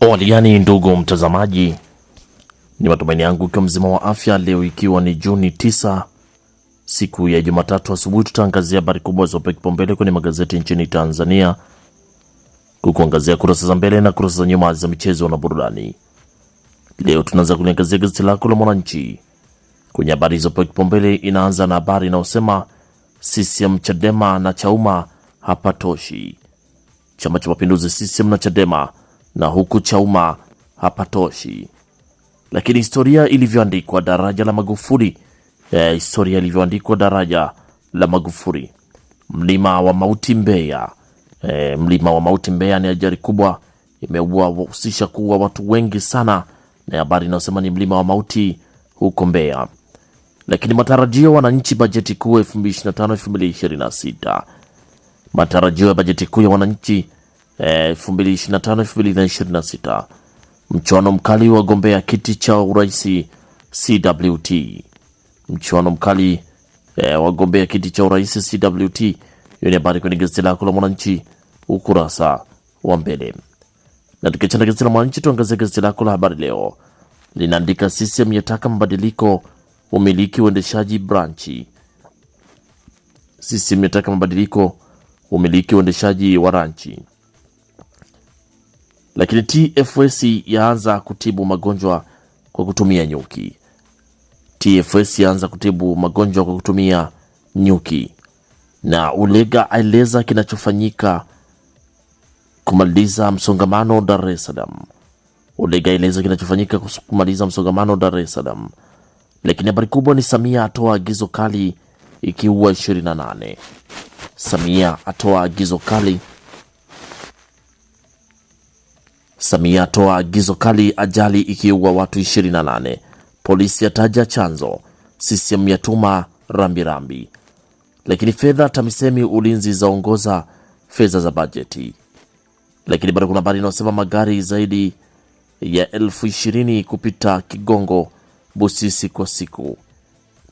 Waligani ndugu mtazamaji, ni matumaini yangu ikiwa mzima wa afya. Leo ikiwa ni Juni 9 siku ya Jumatatu asubuhi, tutaangazia habari kubwa zopewa kipaumbele kwenye magazeti nchini Tanzania, kukuangazia kurasa za mbele na kurasa za nyuma za michezo na burudani. Leo tunaanza kuliangazia gazeti lako la Mwananchi kwenye habari zopewa kipaumbele, inaanza na habari inayosema CCM, Chadema na Chauma hapatoshi. Chama cha Mapinduzi CCM na Chadema na huku Chauma hapatoshi, lakini historia ilivyoandikwa daraja la Magufuli e, historia ilivyoandikwa daraja la Magufuli, mlima wa mauti Mbeya e, mlima wa mauti Mbeya ni ajali kubwa imewahusisha kuwa watu wengi sana, na habari inayosema ni mlima wa mauti huko Mbeya. Lakini matarajio wananchi, bajeti kuu 2025 2026, matarajio ya bajeti kuu ya wananchi 2025 eh, 2026, mchuano mkali wa gombea kiti cha urais CWT. Mchuano mkali eh, wagombea kiti cha urais CWT. Hiyo ni habari kwenye gazeti lako la Mwananchi ukurasa wa mbele. Na tukiachana gazeti la Mwananchi, tuangazie gazeti lako la Habari Leo linaandika CCM yataka mabadiliko umiliki uendeshaji branchi. CCM yataka mabadiliko umiliki uendeshaji wa ranchi. Lakini TFS yaanza kutibu magonjwa kwa kutumia nyuki. TFS yaanza kutibu magonjwa kwa kutumia nyuki. Na Ulega aeleza kinachofanyika kumaliza msongamano Dar es Salaam. Ulega aeleza kinachofanyika kumaliza msongamano Dar es Salaam. Lakini habari kubwa ni Samia atoa agizo kali ikiua 28. Samia atoa agizo kali Samia atoa agizo kali, ajali ikiua watu 28. Polisi yataja chanzo, CCM yatuma rambirambi. Lakini fedha TAMISEMI ulinzi zaongoza fedha za bajeti. Lakini bado kuna habari inayosema magari zaidi ya elfu ishirini kupita Kigongo Busisi kwa siku,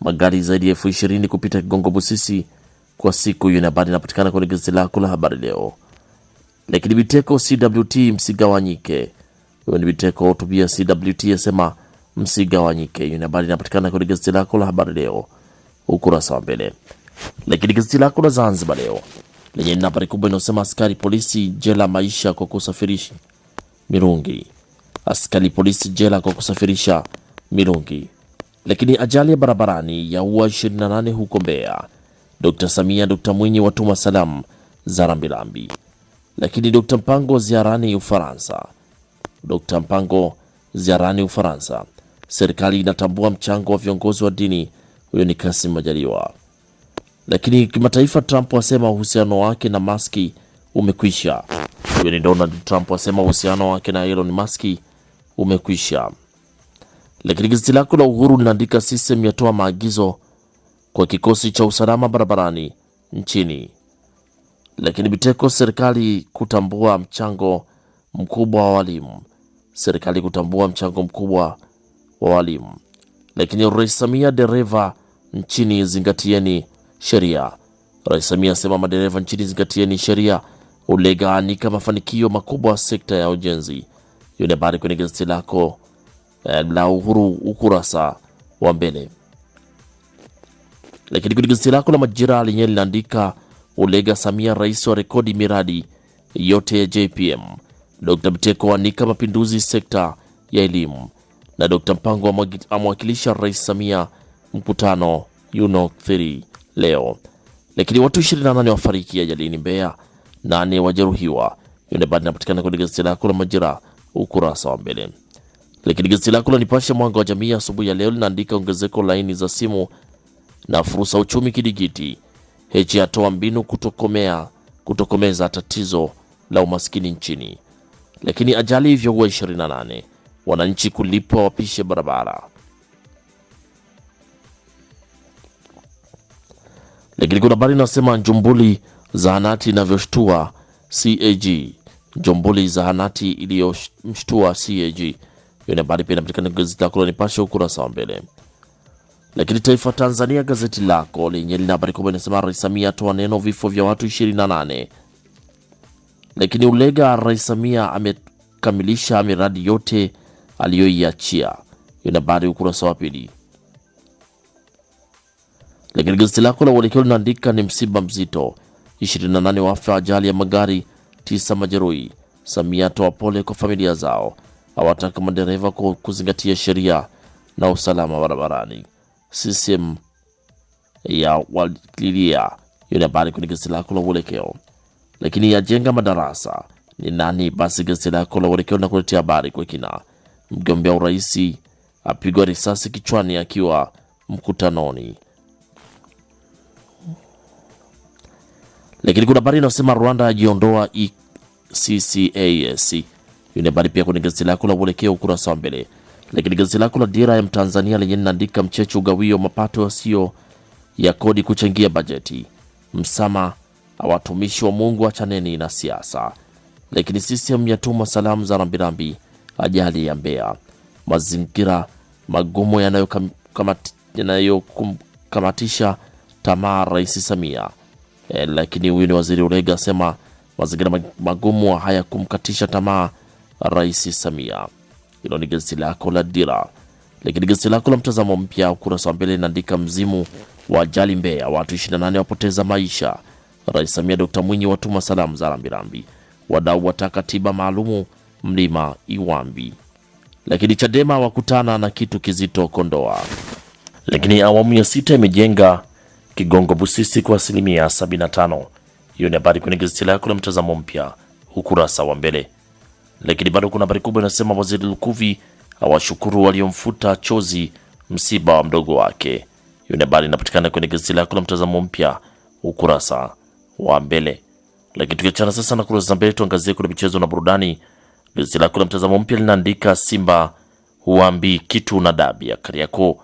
magari zaidi ya elfu ishirini kupita Kigongo Busisi kwa siku. Hiyo ni habari inapatikana kwenye gazeti lako la habari leo. Lakini Biteko CWT msigawanyike. Huyo ni Biteko hutubia CWT asema msigawanyike. Hiyo ni habari inapatikana kwenye gazeti lako la habari leo ukurasa wa mbele. Lakini gazeti lako la Zanzibar leo lenye lina habari kubwa inayosema askari polisi jela maisha kwa kusafirisha mirungi. Askari polisi jela kwa kusafirisha mirungi. Lakini ajali ya barabarani yaua 28 huko Mbeya. Dkt Samia, Dkt Mwinyi watuma salamu za rambirambi. rambi. Lakini Dr. Mpango ziarani Ufaransa. Dr. Mpango ziarani Ufaransa. Serikali inatambua mchango wa viongozi wa dini. Huyo ni Kassim Majaliwa. Lakini kimataifa, Trump asema uhusiano wake na Musk umekwisha. Huyo ni Donald Trump asema uhusiano wake na Elon Musk umekwisha. Lakini gazeti lako la Uhuru linaandika system yatoa maagizo kwa kikosi cha usalama barabarani nchini. Lakini Biteko, serikali kutambua mchango mkubwa wa walimu. Serikali kutambua mchango mkubwa wa walimu. Lakini Rais Samia, dereva nchini zingatieni sheria. Rais Samia asema madereva nchini zingatieni sheria. Ulega anika mafanikio makubwa sekta ya ujenzi. Hiyo ni habari kwenye gazeti lako eh, la Uhuru ukurasa wa mbele. Lakini kwenye gazeti lako la Majira lenyewe linaandika Ulega Samia rais wa rekodi miradi yote ya JPM. Dr. Mteko anika mapinduzi sekta ya elimu na Dr. Mpango amwakilisha Rais Samia mkutano UNOC 3 leo. Lakini watu 28 wafariki ajalini Mbeya, nane wajeruhiwa. Yonebadi napatikana kwenye gazeti lako la Majira ukurasa wa mbele. Lakini gazeti lako la Nipashe mwanga wa jamii asubuhi ya leo linaandika ongezeko laini za simu na fursa uchumi kidigiti Heche atoa mbinu kutokomea kutokomeza tatizo la umaskini nchini, lakini ajali hivyoua 28 wananchi kulipwa wapishe barabara. Lakini kuna habari inasema Njumbuli zahanati inavyoshtua CAG. Njumbuli zahanati iliyomshtua CAG. Hiyo ni habari pia inapatikana gazeti lako la Nipashe ukurasa wa mbele. Lakini Taifa Tanzania gazeti lako lenye lina habari kubwa inasema Rais Samia atoa neno vifo vya watu 28. Lakini Ulega, Rais Samia amekamilisha miradi yote aliyoiachia. Ina habari ukurasa wa pili. Lakini gazeti lako la Uelekeo linaandika ni msiba mzito, 28 wafa ajali ya magari, 9 majeruhi. Samia atoa pole kwa familia zao, awataka madereva kuzingatia sheria na usalama barabarani. CCM ya wakilia hiyo ni habari kwenye gazeti lako la Uelekeo. Lakini yajenga madarasa ni nani? Basi gazeti lako la Uelekeo na habari kwa kina. Mgombea urais apigwa risasi kichwani akiwa mkutanoni. Lakini kuna habari inasema Rwanda yajiondoa ccas Hiyo ni habari pia kwenye gazeti lako la Uelekeo ukurasa wa mbele. Lakini gazeti lako la Dira ya Mtanzania lenye linaandika mcheche ugawio mapato yasiyo ya kodi kuchangia bajeti, msama awatumishi wa Mungu achaneni na siasa. Lakini CCM yatuma salamu za rambirambi ajali ya Mbeya, mazingira magumu yanayokamatisha kam, tamaa Rais Samia. E, lakini huyu ni Waziri Ulega asema mazingira magumu hayakumkatisha tamaa Rais Samia. Hilo ni gazeti lako la Dira. Lakini gazeti lako la Mtazamo Mpya ukurasa wa mbele linaandika mzimu wa ajali Mbeya, watu 28 wapoteza maisha. Rais Samia Dr Mwinyi watuma salamu za rambirambi, wadau wataka tiba maalumu mlima Iwambi. Lakini Chadema wakutana na kitu kizito Kondoa. Lakini awamu ya sita imejenga Kigongo Busisi kwa asilimia 75. Hiyo ni habari kwenye gazeti lako la Mtazamo Mpya ukurasa wa mbele. Lakini bado kuna habari kubwa inasema waziri Lukuvi awashukuru waliomfuta chozi msiba wa mdogo wake. Hiyo ni habari inapatikana kwenye gazeti lako la Mtazamo Mpya ukurasa wa mbele. Lakini tukiachana sasa na kurasa za mbele, tuangazie kuna michezo na burudani. Gazeti lako la Mtazamo Mpya linaandika Simba huambi kitu na dabi ya Kariakoo,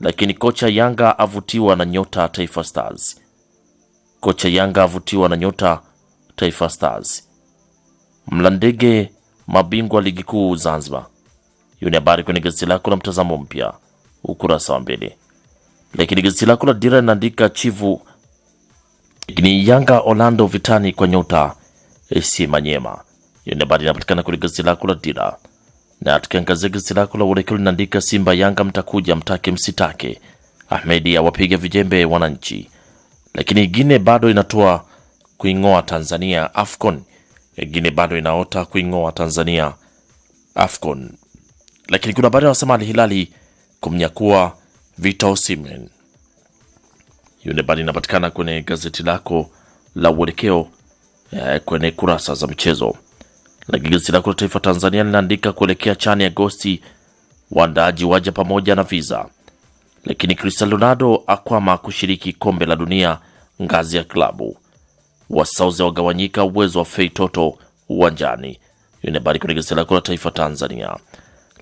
lakini kocha Yanga avutiwa na nyota Taifa Stars. Kocha Yanga avutiwa na nyota Taifa Stars. Mlandege mabingwa ligi kuu Zanzibar. Hiyo ni habari kwenye gazeti lako la Mtazamo Mpya ukurasa wa mbili. Lakini gazeti lako la Dira linaandika chivu ni Yanga Orlando vitani kwa nyota AC eh, Manyema. Hiyo ni habari inapatikana kwenye gazeti lako la Dira na tukiangazia gazeti lako la Uelekeo linaandika Simba Yanga mtakuja mtake msitake, Ahmedi awapiga vijembe wananchi. Lakini Gine bado inatoa kuing'oa Tanzania AFCON Engine bado inaota kuing'oa Tanzania Afcon. Lakini kuna habari wanasema Al Hilali kumnyakua Victor Osimhen. Hiyo ni habari inapatikana kwenye gazeti lako la Uelekeo eh, kwenye kurasa za michezo. Lakini gazeti lako la Taifa Tanzania linaandika kuelekea chani Agosti, waandaaji waja pamoja na visa. Lakini Cristiano Ronaldo akwama kushiriki kombe la dunia ngazi ya klabu Wasauzi wagawanyika uwezo wa Fei Toto uwanjani. Hiyo ni habari kwenye gazeti lako la Taifa Tanzania.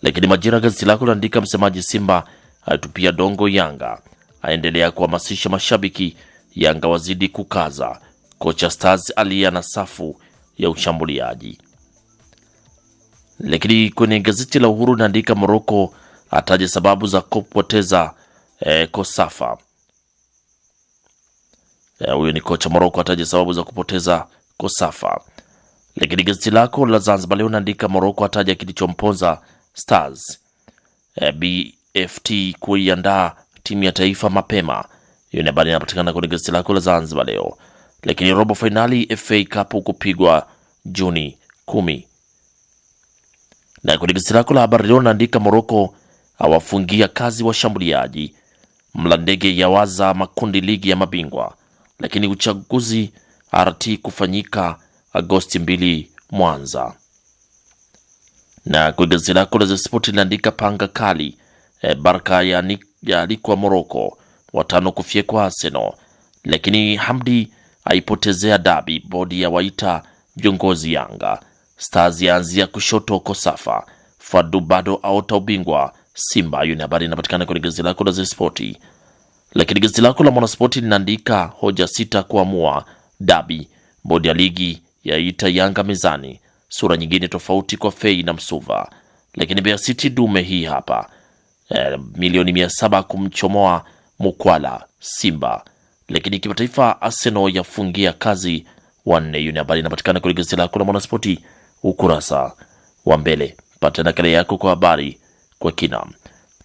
Lakini Majira gazeti lako laandika msemaji Simba aitupia dongo Yanga, aendelea kuhamasisha mashabiki Yanga wazidi kukaza. Kocha Stars alia na safu ya ushambuliaji. Lakini kwenye gazeti la Uhuru naandika Moroko ataja sababu za kupoteza eh, Kosafa Eh, huyo ni kocha Moroko ataja sababu za kupoteza Kosafa. Lakini gazeti lako la Zanzibar leo naandika Moroko ataja kilichomponza Stars. Eh, BFT kuiandaa timu ya taifa mapema. Hiyo ni habari inapatikana kwenye gazeti lako la Zanzibar leo. Lakini robo finali FA Cup kupigwa Juni kumi. Na kwenye gazeti lako la habari leo naandika Moroko awafungia kazi washambuliaji. Mlandege yawaza makundi ligi ya mabingwa lakini uchaguzi RT kufanyika Agosti 2 Mwanza. Na kwa gazeti lako la Sport linaandika panga kali e, eh, Barka yaalikwa ya Moroko, watano kufyekwa Arsenal, lakini Hamdi aipotezea dabi, bodi ya waita viongozi Yanga, Stars yaanzia kushoto Kosafa, Fadu bado aota ubingwa Simba. Hiyo ni habari inapatikana kwenye gazeti lako la Sport. Lakini gazeti lako la Mwanaspoti linaandika hoja sita kuamua dabi, bodi ya ligi yaita Yanga mezani, sura nyingine tofauti kwa Fei na Msuva. Lakini Mbeya City dume hii hapa e, milioni mia saba kumchomoa Mukwala Simba. Lakini kimataifa Arsenal yafungia kazi wanne. Hiyo ni habari inapatikana kwenye gazeti lako la Mwanaspoti ukurasa wa mbele. Pata nakala yako kwa habari kwa kina.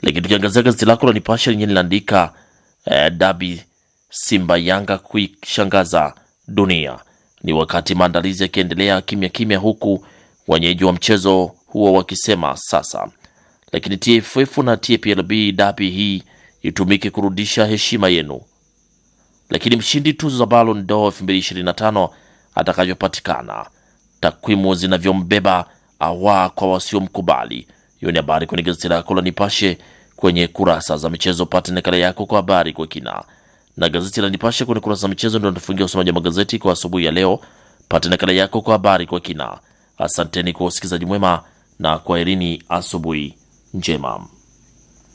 Lakini tukiangazia gazeti lako la Nipashe lenyewe linaandika eh, dabi Simba Yanga kuishangaza dunia. Ni wakati maandalizi yakiendelea kimya kimya, huku wenyeji wa mchezo huo wakisema sasa. Lakini TFF na TPLB, dabi hii itumike kurudisha heshima yenu. Lakini mshindi tuzo za Ballon d'Or 2025 atakavyopatikana, takwimu zinavyombeba, awa kwa wasiomkubali. Hiyo ni habari kwenye gazeti lako la Nipashe kwenye kurasa za michezo. Pate nakala yako kwa habari kwa kina na gazeti la Nipashe kwenye kurasa za michezo. Ndio tunafungia usomaji wa magazeti kwa asubuhi ya leo. Pate nakala yako kwa habari kwa kina. Asanteni kwa usikilizaji mwema na kwaherini, asubuhi njema.